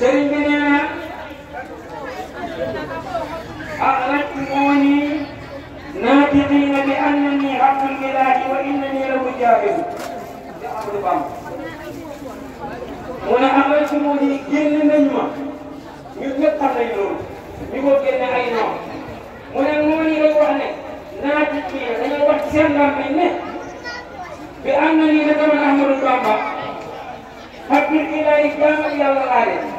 sëriñ bi nee na axrajtumuuni ah, naafiqiina bi annani abdul milaahi wa innani lahu jaahilu di Ahmadu Bamba ne axrajtumuuni ah, génn nañ ma ñu ñëpp xam nañ loolu ñu ko génne ay noon mu ne noonu lay wax ne naafiqiina dañuy wax ci seen làmmiñ ne bi annani dama Ahmadu Bamba abdul ilaahi jaamu yàlla laa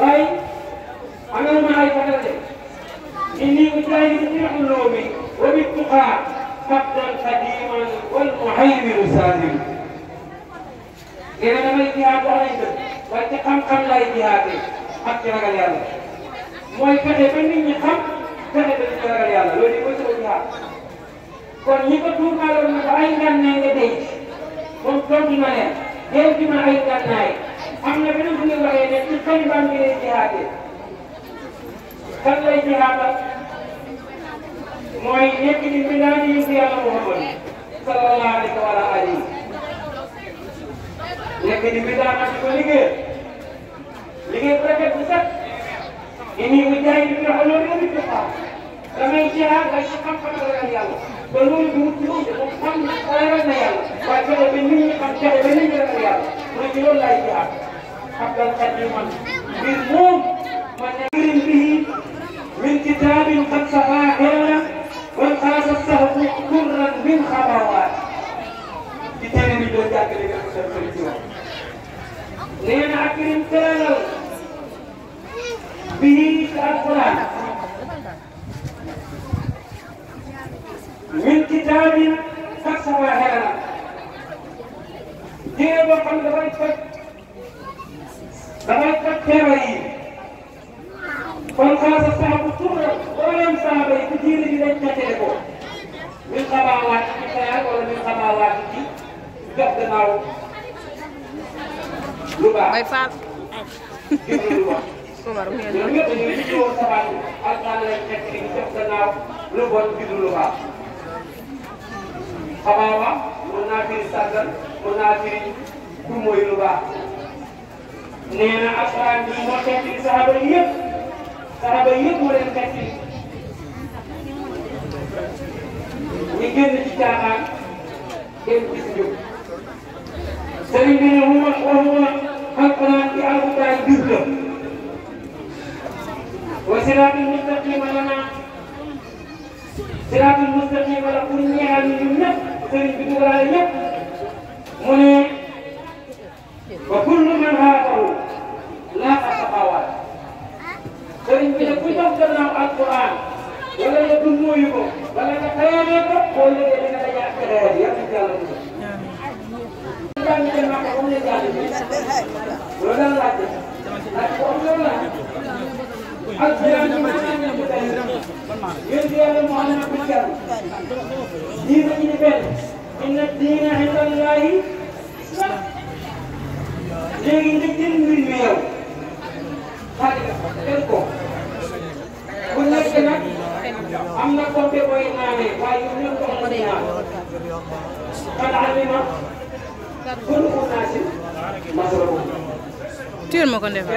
waaye amal maa yi sax la de inni ujahidu fi ulumi wa bi tuqaa qabdan qadiman wal muhaymin sadim nee na damay jihaad wax nañ ko waaye ci xam-xam laay jihaadee ak ci ragal yàlla mooy fexe ba nit ñi xam fexe ba nit ñi ragal yàlla loolu yëpp mooy sama jihaad kon ñi ko tuumaaloon ne ko ay ngànnaay nga denc moom tontu na leen denc ma ay ngànnaay am na beneen bu ñuy waxee ne ci taliban bi lay jihaate kan lay jihaata mooy nekk di mbindaan yi yëpp yàlla Muhammad sallallahu alayhi wa alihi nekk di mbindaan ak di ko liggéey liggéey bu rafet bu set inni mujaahidu fi ulumi l-fiqh damay jihaat ak ci xam-xam ak ragal yàlla ba loolu du wut loolu dafa xam ragal na yàlla waaye fexe ba nit ñi xam fexe ba nit ñi ragal yàlla mooy ci loolu laay jihaat حق القديما من كتاب قد سقى عيونا كرا من خطوات كتاب من دون جاك لين أكرم به من كتاب قد سقى عيونا دي damay traité ba yi kon xaaral sax bu tudd wala saaba yi ku diine bi dañ traité ko min xamaawaat ci xeer wala min xamaawaat ci jox gannaaw lu baax. bay faal. déglu lu baax. Omar ngeen doon ñëpp dañuy jiwoon sabaat bi alxames lañ nekk di jox gannaaw lu bon bidu lu baax. xamaawaat mën naa firi sàggan mën naa firi ku mooy lu baax. Nena na alxuraan bi moo xeetli saxaaba yi yëpp saxaaba yi yëpp moo leen xeetli ñu ci caaxaan génn ci si jóg sëriñ bi ne huma huma alxuraan ci alxuraan jub la wa siraatul mustaqima lana ñu bi ne sëriñ bi punya ku jox gannaaw alquran wala nga du nuyu ko wala nga xëyalee ko boo liggéey da nga daje ak xëyaat yàlla jàll ko. jàng ca Màkka ba mu ne jàng bi loolu la laajte laaj ko am loolu laaj alquran bi mën inna téel ma ko defal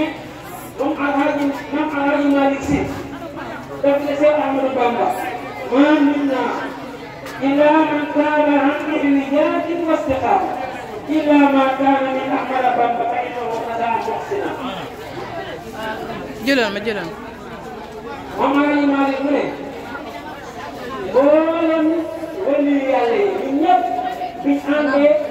إلا من كان عنه إيجاد واستقامة إلا ما كان من أعمل ذنبا فإنه أداء محسنا jëloon ma jëloon Mame Aly Malick mu ne mboolem wëllu yàlla yi ñëpp bi àndee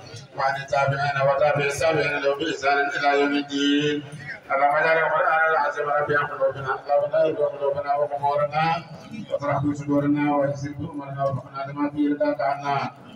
وعن التابعين وتابع السابعين لو بإحسان إلى يوم الدين اللهم اجعل القرآن العظيم ربيع قلوبنا أقلامنا يبقى قلوبنا وقبورنا واطرح في صدورنا واجزل أمرنا وارحمنا لما فيه رضاك عنا